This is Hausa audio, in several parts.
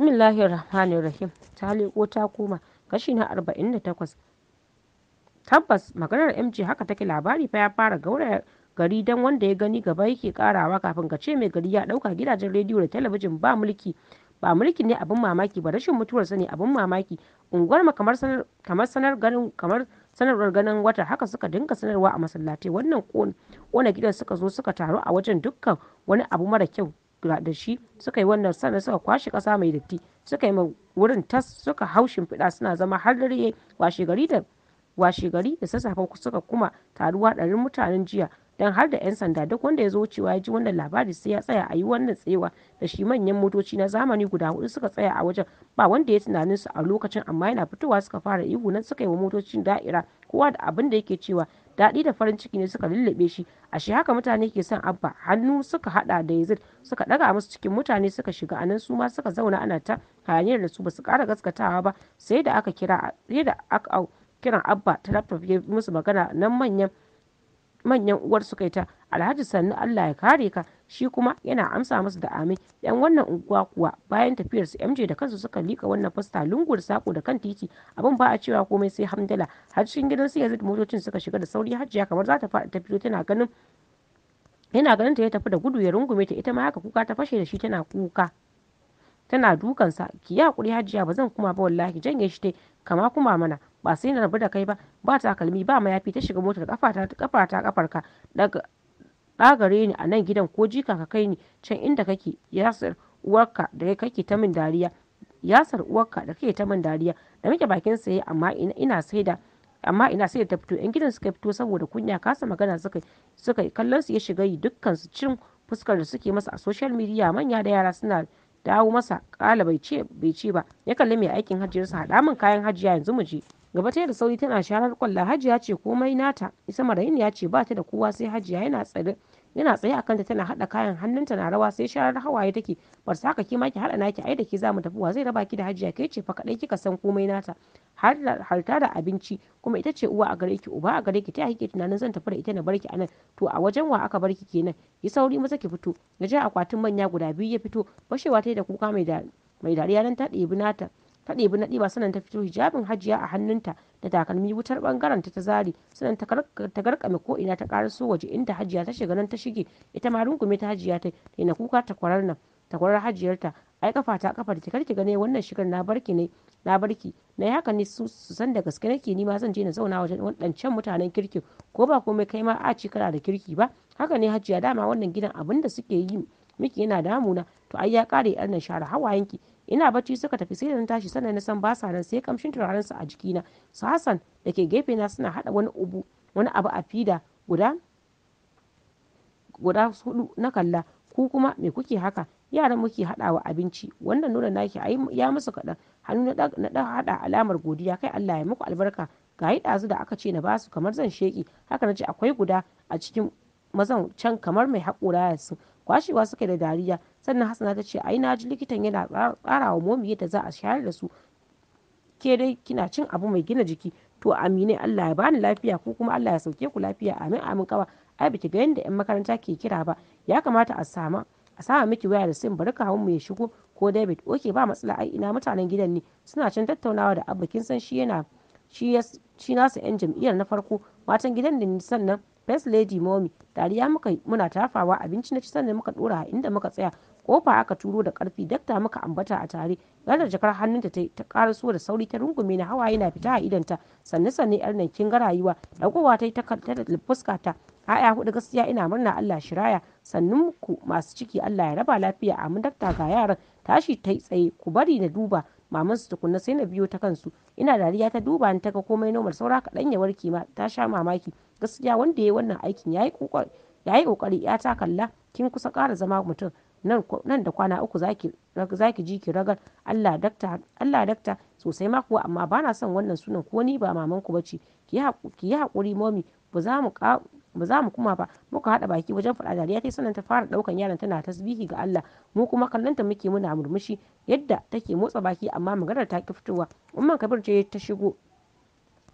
bismillahir rahmanir rahim ta leƙo ta koma kashi na arba'in da takwas tabbas maganar mj haka take labari fa ya fara gauraya gari dan wanda ya gani gaba yake karawa kafin ka ce mai gari ya dauka gidajen rediyo da talabijin ba mulki ba mulki ne abin mamaki ba rashin mutuwar ne abin mamaki unguwar ma kamar sanar ganin kamar sanarwar ganin wata haka suka dinga sanarwa a masallatai wannan kona gidan suka zo suka taru a wajen dukkan wani abu mara kyau da shi suka yi wannan sannan suka kwashe kasa mai datti suka yi wurin tas suka hau shimfiɗa suna zama har dare washe gari da washe gari da sassafe suka kuma taruwa ɗarin mutanen jiya don har da 'yan sanda duk wanda ya zo wucewa ya ji wannan labari sai ya tsaya a yi wannan tsewa da shi manyan motoci na zamani guda hudu suka tsaya a wajen ba wanda ya tunanin su a lokacin amma yana fitowa suka fara ihu nan suka yi wa motocin da'ira kowa da abin da yake cewa daɗi da farin ciki ne suka lullube shi ashe haka mutane ke son abba hannu suka hada da yazid suka daga musu cikin mutane suka shiga anan su ma suka zauna ana ta hayaniyar da su basu kara gaskatawa ba sai da aka kira sai da aka kiran abba ta musu magana nan manyan manyan uwar suka yi ta alhaji sannu allah ya kare ka shi kuma yana amsa musu da amin yan wannan unguwa kuwa bayan tafiyar su mj da kansu suka lika wannan fasta lungur sako da kan titi abin ba a cewa komai sai hamdala har cikin gidan su yanzu motocin suka shiga da sauri hajjiya kamar za ta faɗi ta fito tana ganin yana ganin ta ya tafi da gudu ya rungume ta ita ma haka kuka ta fashe da shi tana kuka tana dukansa ki ya hakuri hajjiya ba zan kuma ba wallahi janye shi ta kama kuma mana ba sai na rabu da kai ba ba takalmi ba mayafi ta shiga motar ta kafar kafarka daga ɗagare ni a nan gidan ko jika ka kai ni can inda kake yasir uwarka da kake ta min dariya yasar uwarka da kake ta min dariya da muke bakin saye amma ina saida amma ina sai ta fito yan gidan suka fito saboda kunya kasa magana suka suka kallon su ya shiga yi dukkan su cin fuskar da suke masa a social media manya da yara suna dawo masa kala bai ce bai ce ba ya kalli mai aikin sa haɗa min kayan hajiya yanzu mu je gaba ta da sauri tana sharar kwalla hajiya ce komai nata isa ya ce ba ta da kowa sai hajiya yana tsare yana tsaye a kanta tana hada kayan hannunta na rawa sai sharar hawaye take bar sa ki ma ki hada naki ai da ki zamu tafi wa zai raba ki da hajiya kai ce fa kadai kika san komai nata har da abinci kuma ita ce uwa a gare ki uba a gare ki ta kike tunanin zan tafi da ita na barki anan to a wajen wa aka barki kenan yi sauri maza ki fito naje ja akwatin manya guda biyu ya fito bashewa tayi da kuka mai dariya nan ta ɗebi nata ta ɗebi na ɗiba sannan ta fito hijabin hajiya a hannunta da takalmi wutar bangaren ta ta zari sannan ta garkame ko ina ta karaso waje inda hajiya ta shiga nan ta shige ita ma rungume ta hajiya ta na kuka ta kwarar nan ta kwarar hajiyarta ai kafa ta kafa da karki ki gane wannan shigar na barki ne na barki na yi haka ne su san da gaske nake ni ma zan je na zauna wajen wadancan mutanen kirki ko ba komai kai ma a ci kana da kirki ba haka ne hajiya dama wannan gidan abin da suke yi miki yana damuna to ai ya kare yar nan share ki ina bacci suka tafi sai da na tashi sannan na san ba sa nan sai kamshin turaren su a jikina su Hassan da ke gefe na suna hada wani ubu wani abu a fida guda guda hudu na kalla ku kuma me kuke haka yaran muke hadawa abinci wannan nuna naki ai ya musu kadan hannu na da hada alamar godiya kai Allah ya muku albarka ga yi dazu da aka ce na basu kamar zan sheki haka na ce akwai guda a cikin mazan can kamar mai hakura yasu kwashewa suke da dariya sannan hasana ta ce ai na ji likitan yana tsara wa momi yadda za a shayar da su ke dai kina cin abu mai gina jiki to amine Allah ya bani lafiya ko kuma Allah ya sauke ku lafiya amin amin kawa ai biki ga yanda yan makaranta ke kira ba ya kamata a sama a sama miki waya da sin bari kawun mu ya shigo ko David oke ba matsala ai ina mutanen gidan ne suna cin tattaunawa da abokin san shi yana shi nasu yan jam'iyyar na farko matan gidan da ni sannan first lady momi dariya muka muna tafawa abinci na ci sannan muka dora a inda muka tsaya kofa aka turo da karfi dakta muka ambata a tare yadda jakar hannunta ta ta karaso da sauri ta rungume na hawaye na fita a idanta sanne sanne yar nan kin ga rayuwa daukowa ta ta da fuska ta aya hudu gaskiya ina murna Allah shiraya sannun ku masu ciki Allah ya raba lafiya mun dakta ga yaran tashi ta tsaye ku bari na duba maman su tukunna sai na biyo ta kansu ina dariya ta duba ni ta ga komai normal saura kaɗan ya warke ma ta sha mamaki gaskiya wanda ya wannan aikin ya yi kokari ya ta kalla kin kusa kara zama mutum nan da kwana uku zaki ji ki ragar Allah dakta sosai ma kuwa amma bana son wannan sunan ko ni ba maman ku bace ki yi hakuri momi ba za mu kuma ba muka haɗa baki wajen faɗa dariya ta sanan ta fara ɗaukan yaran tana tasbihi ga Allah mu kuma kallonta muke muna murmushi yadda take motsa baki amma maganar ta ki fitowa umman kabir ce ta shigo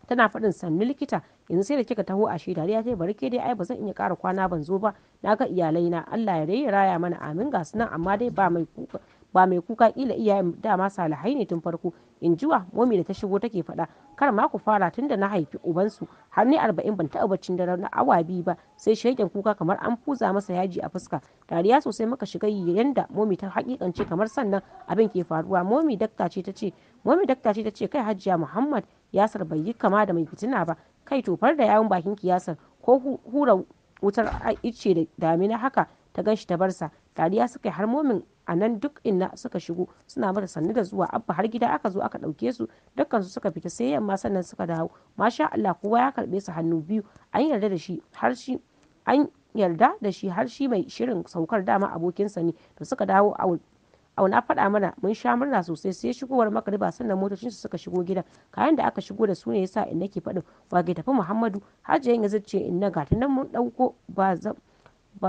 tana faɗin sannu likita yanzu sai da kika taho a shi dariya ta bari ke dai ai ba zan iya kara kwana ban zo ba na ga iyalai na Allah ya rayi raya mana amin ga sunan amma dai ba mai kuka ba mai kuka kila iyayen dama salihai ne tun farko in jiwa momi da ta shigo take faɗa kar ma ku fara tun da na haifi ubansu har ne arba'in ban taɓa baccin dare na awa biyu ba sai shegen kuka kamar an fuza masa yaji a fuska dariya sosai muka shiga yanda momi ta hakikance kamar sannan abin ke faruwa momi dakta ce ta ce momi dakta ce kai hajiya muhammad yasar bai yi kama da mai fitina ba kai tofar da yawun bakin kiyasar ko hura wutar icce da damina haka ta ganshi ta barsa dariya suka yi har momin a nan duk inna suka shigo suna mata sannu da zuwa abba har gida aka zo aka ɗauke su dukkan su suka fita sai yamma sannan suka dawo masha Allah kowa ya karbe su hannu biyu an yarda da shi har shi an yarda da shi har shi mai shirin saukar dama abokinsa ne da suka dawo a au na faɗa mana mun sha murna sosai sai shigowar makariba sannan motocin su suka shigo gidan kayan da aka shigo da su ne yasa in nake faɗin wa wage tafi muhammadu hajiyan ya inna in na tunan nan mun ɗauko ba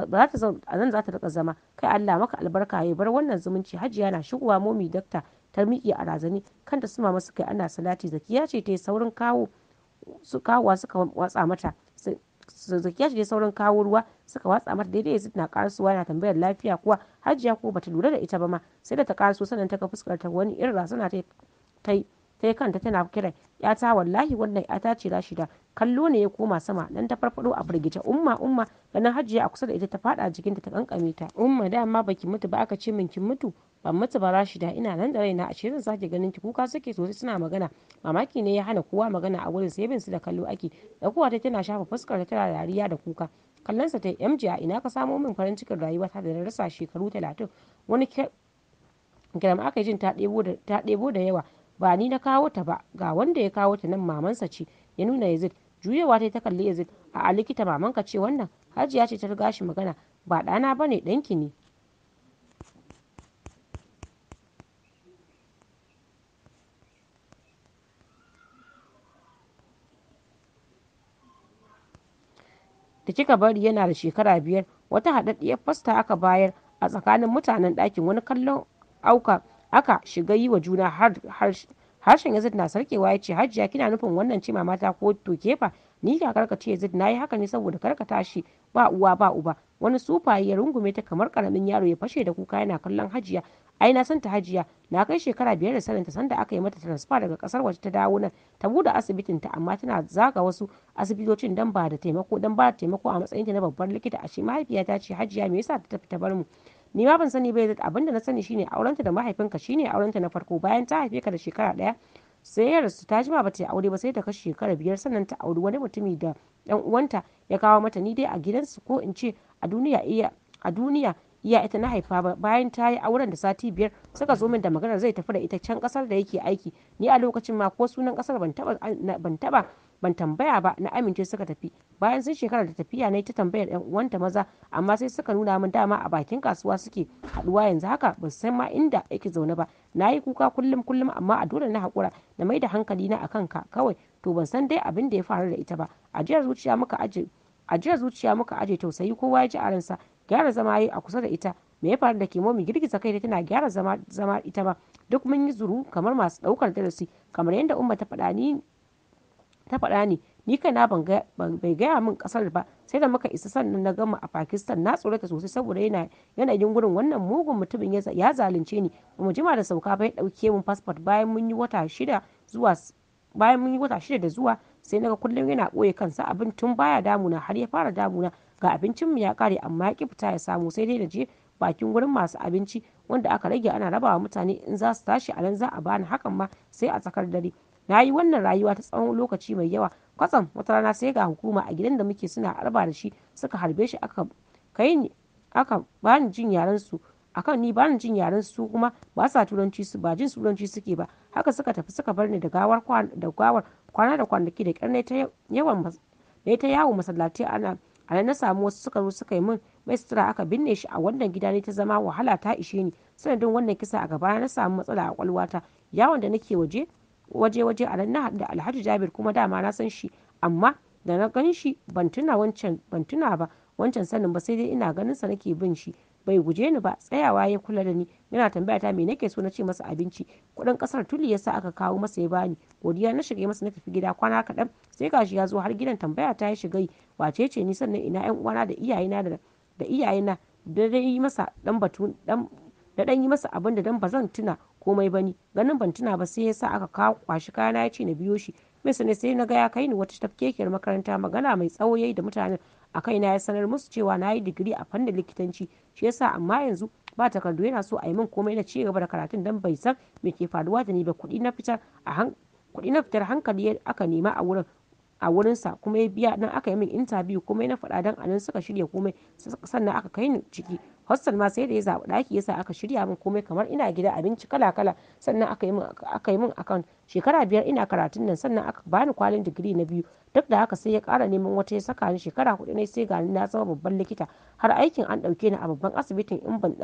ba ta a nan za ta rika zama kai Allah maka albarka ya bar wannan zumunci hajiya na shigowa momi dakta ta miƙe a razani kanta suma masu kai ana salati zakiya ce ta yi saurin kawo su kawowa suka watsa mata zakiya ce saurin kawo ruwa suka watsa mata daidai yanzu na karasuwa yana tambayar lafiya kuwa hajiya ko bata lura da ita ba ma sai da ta karaso sannan ta ga fuskar ta wani irin razana ta yi ta kanta tana kiran yata wallahi wannan yata ce rashida kallo ne ya koma sama dan ta farfado a firgita umma umma ganin hajiya a kusa da ita ta fada jikinta ta kankame ta umma dama baki mutu ba aka ce min kin mutu ban mutu ba rashida ina nan da raina a cikin sake ganin ki kuka suke sosai suna magana mamaki ne ya hana kowa magana a wurin sai bin su da kallo ake da kowa ta tana shafa fuskar ta tana dariya da kuka kallonsa ta mj a ina ka samo min farin cikin rayuwa rayuwata da rasa shekaru talatin wani kiram aka yi jin ta ɗebo da yawa ba ni na kawo ta ba ga wanda ya kawo ta nan mamansa ce ya nuna yazid juyewa ta ta kalli yazid a a likita mamanka ce wannan hajiya ce ta riga shi magana ba ɗana ba ne ɗanki ne da kika bari yana da shekara biyar wata haɗaɗɗiyar fasta aka bayar a tsakanin mutanen ɗakin wani kallon auka aka shiga yi wa juna harshen yazid na sarkewa ya ce hajiya kina nufin wannan ce mata ko to kefa ni ka ce yazid na yi haka ne saboda karka tashi ba uwa ba uba wani sufaye ya rungume ta kamar karamin yaro ya fashe da kuka yana kallon hajiya ai na santa hajiya na kai shekara biyar da saninta sanda aka yi mata transfer daga kasar waje ta dawo nan ta bude asibitin ta amma tana zaga wasu asibitocin dan ba da taimako dan ba da taimako a ta na babbar likita a shi mahaifiya ta ce hajiya me yasa ta tafi ta bar mu ni ma ban sani ba bai abin da na sani shine aurenta da mahaifinka shine aurenta na farko bayan ta haife ka da shekara ɗaya sai ya rasu ta jima ba yi aure ba sai ta kashe shekara biyar sannan ta auri wani mutumi da yan uwanta ya kawo mata ni dai a gidansu ko in ce a duniya iya a duniya iya ita na haifa ba bayan ta yi auren da sati biyar suka zo min da maganar zai tafi da ita can kasar da yake aiki ni a lokacin ma ko sunan kasar ban taba ban tambaya ba na amince suka tafi bayan sun shekara da tafiya na ta tambayar yan uwanta maza amma sai suka nuna min dama a bakin kasuwa suke haɗuwa yanzu haka ban san ma inda yake zaune ba na yi kuka kullum kullum amma a dole na hakura na mai da hankali na akan ka kawai to ban san dai abin da ya faru da ita ba ajiyar zuciya muka aje ajiyar zuciya muka aje tausayi kowa ya ji a ransa gyara zama yi a kusa da ita me ya faru da ke momi girgiza kai da tana gyara zama zama ita ba duk mun yi zuru kamar masu daukar darasi kamar yadda umma ta faɗa ni ta faɗa ne ni kaina bai gaya min kasar ba sai da muka isa sannan na gama a pakistan na tsorata sosai saboda yana yanayin gurin wannan mugun mutumin ya zalunce ni ba mu jima da sauka ba ya ɗauke min fasfot bayan mun yi wata shida zuwa bayan mun yi wata shida da zuwa sai naga kullum yana ɓoye kansa abin tun baya damuna har ya fara damuna ga abincin mu ya kare amma ya ki fita ya samu sai dai da je bakin gurin masu abinci wanda aka rage ana rabawa mutane in za su tashi a nan za a bani hakan ma sai a tsakar dare Na yi wannan rayuwa ta tsawon lokaci mai yawa. Kwatsam wata rana sai ga hukuma a gidan da muke suna arba da shi suka harbe shi aka kai aka bani jin yaran su akan ni bani jin yaran su kuma ba sa turanci su ba jin turanci suke ba haka suka tafi suka bar ni da gawar da gawar kwana da kwanaki da ƙyar ta yawan ne ta yawo masallaci ana a nan na samu wasu suka zo suka yi min mai sutura aka binne shi a wannan gida ne ta zama wahala ta ishe ni sanadin wannan kisa a gaba na samu matsala a kwalwata yawon da nake waje waje-waje a nan da alhaji jabir kuma dama na san shi amma da na gan shi ban tuna wancan ban tuna ba wancan sanin ba sai dai ina ganin sa nake bin shi bai guje ni ba tsayawa ya kula da ni yana tambaya ta me nake so na ce masa abinci kuɗin kasar tuli yasa aka kawo masa ya bani godiya na shiga masa na tafi gida kwana kaɗan sai gashi ya zo har gidan tambaya ta ya shiga yi wace ce ni sannan ina yan uwana da iyayena da da iyayena da dai yi masa dan batun dan da dan yi masa abin dan bazan tuna komai bane ganin ban tuna ba sai yasa aka kawo kwashi kayana ya ce na biyo shi mai ne sai na ga ya kai ni wata tafkekiyar makaranta magana mai tsawo yayi da mutanen a kai na ya sanar musu cewa na yi digiri a fannin likitanci shi yasa amma yanzu ba takardu yana so a yi min komai na ci gaba da karatun dan bai san me ke faruwa da ni ba kuɗi na fitar a kuɗi na fitar hankali aka nema a wurin a wurinsa kuma ya biya dan aka yi min interview kuma na faɗa dan anan suka shirya komai sannan aka kai ni ciki hostel ma sai da ya zaɓi ɗaki yasa aka shirya min komai kamar ina gida abinci kala kala sannan aka yi min aka akan shekara biyar ina karatun nan sannan aka bani kwalin digiri na biyu duk da haka sai ya ƙara neman wata ya saka ni shekara hudu ne sai gani na zama babban likita har aikin an ɗauke ni a babban asibitin in ban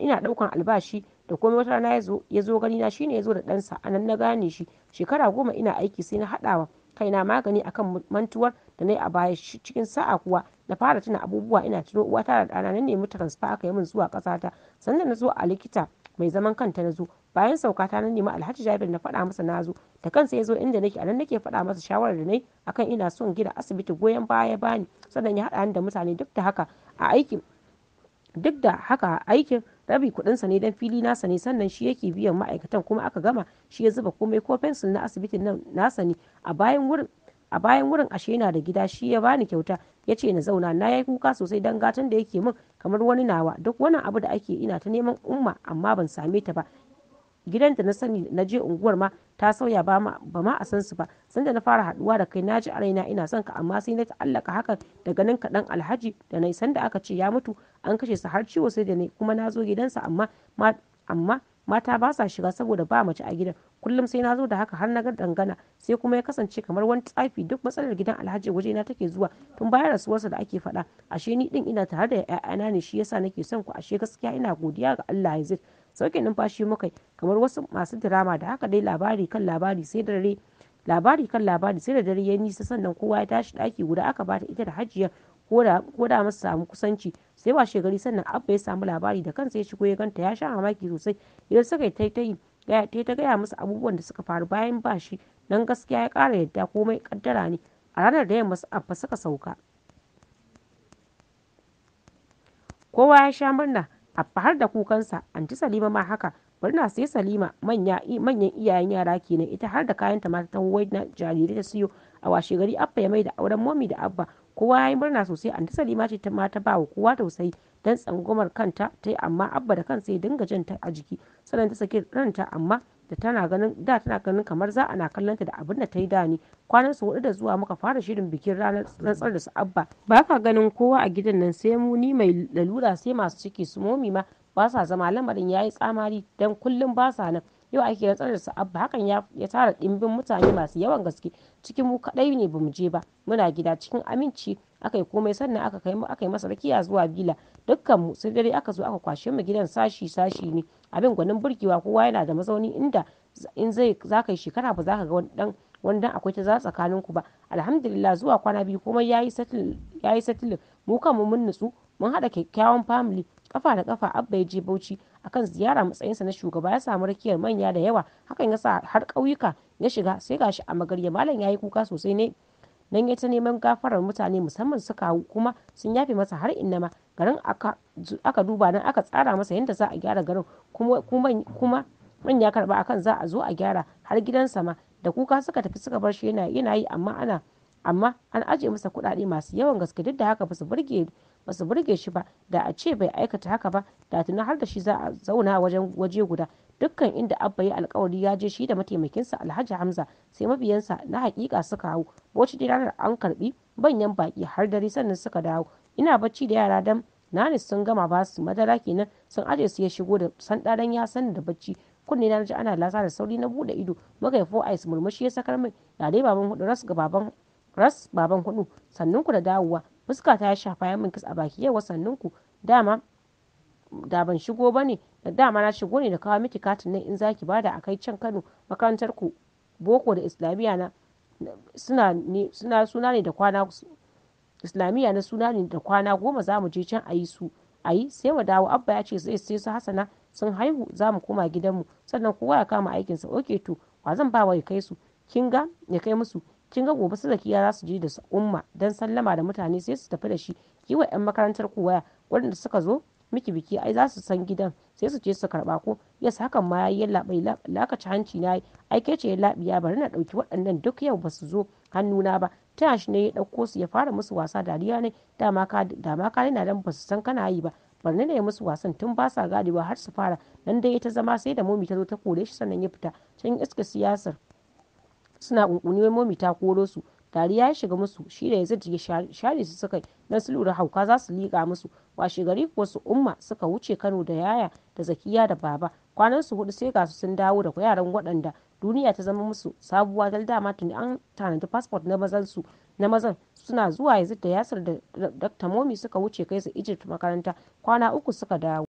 ina ɗaukan albashi da komai wata rana ya zo gani na shine ya zo da ɗansa a nan na gane shi shekara goma ina aiki sai na haɗawa kaina magani akan mantuwar da na yi a baya cikin sa'a kuwa na fara tuna abubuwa ina tuno uwata da ɗana na nemi transfer aka yi min zuwa ƙasata sannan na zo a likita mai zaman kanta na zo bayan ta na nemi alhaji jabir na faɗa masa na zo da kansa ya zo inda nake anan nake faɗa masa shawarar da nayi akan ina son gina asibiti goyon baya bani sannan ya haɗa ni da mutane duk da haka a aikin duk da haka aikin rabi kudinsa ne dan fili nasa ne sannan shi yake biyan ma'aikatan kuma aka gama shi ya zuba komai ko fensil na asibitin nan nasa ne a bayan wurin a bayan wurin ashe yana da gida shi ya bani kyauta ya ce na zauna na yi kuka sosai dan gatan da yake min kamar wani nawa duk wani abu da ake ina ta neman umma amma ban same ta ba gidan da na sani na je unguwar ma ta sauya ba ma ba ma a san su ba san da na fara haduwa da kai naji a raina ina son ka amma sai na ta'allaka haka daga nan kaɗan alhaji da na san da aka ce ya mutu an kashe su har ciwo sai da ni kuma na zo gidansa amma amma mata ba sa shiga saboda ba mace a gidan kullum sai na zo da haka har na ga dangana sai kuma ya kasance kamar wani tsafi duk matsalar gidan alhaji waje na take zuwa tun bayan rasuwarsa da ake faɗa ashe ni din ina tare da ƴaƴana ne shi yasa nake son ku ashe gaskiya ina godiya ga Allah ya zai sauke numfashi muka kamar wasu masu dirama da haka dai labari kan labari sai dare labari kan labari sai da dare ya nisa sannan kowa ya tashi daki guda aka bata ita da hajiya ko da masu samu kusanci sai washe gari sannan abba ya samu labari da kansa ya shigo ya ganta ya sha mamaki sosai idan suka yi taitayi gaya ta gaya musu abubuwan da suka faru bayan ba shi don gaskiya ya kara yadda komai kaddara ne a ranar da yamma abba suka sauka kowa ya sha murna abba har da kukansa anti salima ma haka murna sai salima manyan iyayen yara kenan ita har da kayan ta mata wai na jarirai da siyo a washe gari abba ya mai da auren momi da abba kowa ya yi murna sosai anti salima ce ta mata ba wa kowa tausayi don tsangwamar kanta ta yi amma abba da kansa ya dinga jin ta a jiki sannan ta sake ranta amma da tana ganin da tana ganin kamar za ana kallon ta da abin da ta yi dani ni kwanan su hudu da zuwa muka fara shirin bikin ranar rantsar da su abba ba ka ganin kowa a gidan nan sai mu ni mai lalura sai masu ciki su momi ma ba sa zama lamarin ya yi tsamari don kullum ba sa nan yau ake rantsar da Abba hakan ya tara ɗimbin mutane masu yawan gaske cikin mu kaɗai ne bamu je ba muna gida cikin aminci aka komai sannan aka kai aka yi masa rakiya zuwa bila dukkan mu sai dare aka zo aka kwashe mu gidan sashi sashi ne abin gwanin burgewa kowa yana da mazauni inda in zai za ka yi shekara ba za ka ga wani dan wani dan akwai ta za tsakanin ku ba alhamdulillah zuwa kwana biyu komai yayi settle yayi settle mu kanmu mun nutsu mun haɗa kyakkyawan family kafa da kafa abba ya je bauchi akan ziyara matsayinsa na shugaba ya samu rakiyar manya da yawa hakan ya sa har kauyuka ya shiga sai gashi a magarya malam yayi kuka sosai ne nan ya ta neman gafarar mutane musamman su kawu kuma sun yafe masa har innama garin aka duba nan aka tsara masa yadda za a gyara garin kuma manya karba akan za a zo a gyara har gidansa ma da kuka suka tafi suka bar shi yana yi amma ana amma an ajiye masa kuɗaɗe masu yawan gaske duk da haka ba su burge ba su burge shi ba da a ce bai aikata haka ba da tunan har da shi za a zauna wajen waje guda dukkan inda abba ya alkawari ya je shi da mataimakinsa alhaji hamza sai mabiyansa na hakika suka hau boci da ranar an karbi banyan baki har dare sannan suka dawo ina bacci da yara dan nanis sun gama ba su madara kenan sun aje su ya shigo da san dan ya san da bacci kunne na ji ana lasa da sauri na bude ido fo ice murmushi ya sakar mai ya dai baban hudu ras ga baban ras baban hudu sannan ku da dawowa fuska ta shafa ya min kis a baki yau ku dama da ban shigo ba ne da dama na shigo ne da kawo miki katin nan in za zaki bada a kai can kano makarantar ku boko da islamiyya na suna suna suna ne da kwana islamiyya na suna ne da kwana goma za mu je can a yi su a yi sai mu dawo abba ya ce zai sai su hasana sun haihu za mu koma gidanmu sannan kowa ya kama aikinsa oke to wa zan ba wa ya kai su kin ga ya kai musu kin ga gobe su ya za su je da su umma dan sallama da mutane sai su tafi da shi ki wa yan makarantar ku waya waɗanda suka zo miki biki ai za su san gidan sai su je su karba ko yes hakan ma yayi labai lakaci hanci na aike ce ya labiya bari na dauki waɗannan duk yau ba su zo hannuna ba ta shi ne ya dauko su ya fara musu wasa dariya ne dama ka dama ka na dan ba su san kana yi ba barne ne ya musu wasan tun ba sa gadewa har su fara nan dai ta zama sai da momi ta zo ta kore shi sannan ya fita can iska siyasar suna kunkuni wai momi ta koro su dariya ya shiga musu shi da yanzu ya share su suka dan su lura hauka za su liƙa musu washe gari kuwa su umma suka wuce kano da yaya da zakiya da baba kwanan su hudu sai ga sun dawo da yaran waɗanda duniya ta zama musu sabuwa dal dama tuni an tanadi fasfot na mazan su na mazan suna zuwa yanzu da yasir da dr. momi suka wuce kai su egypt makaranta kwana uku suka dawo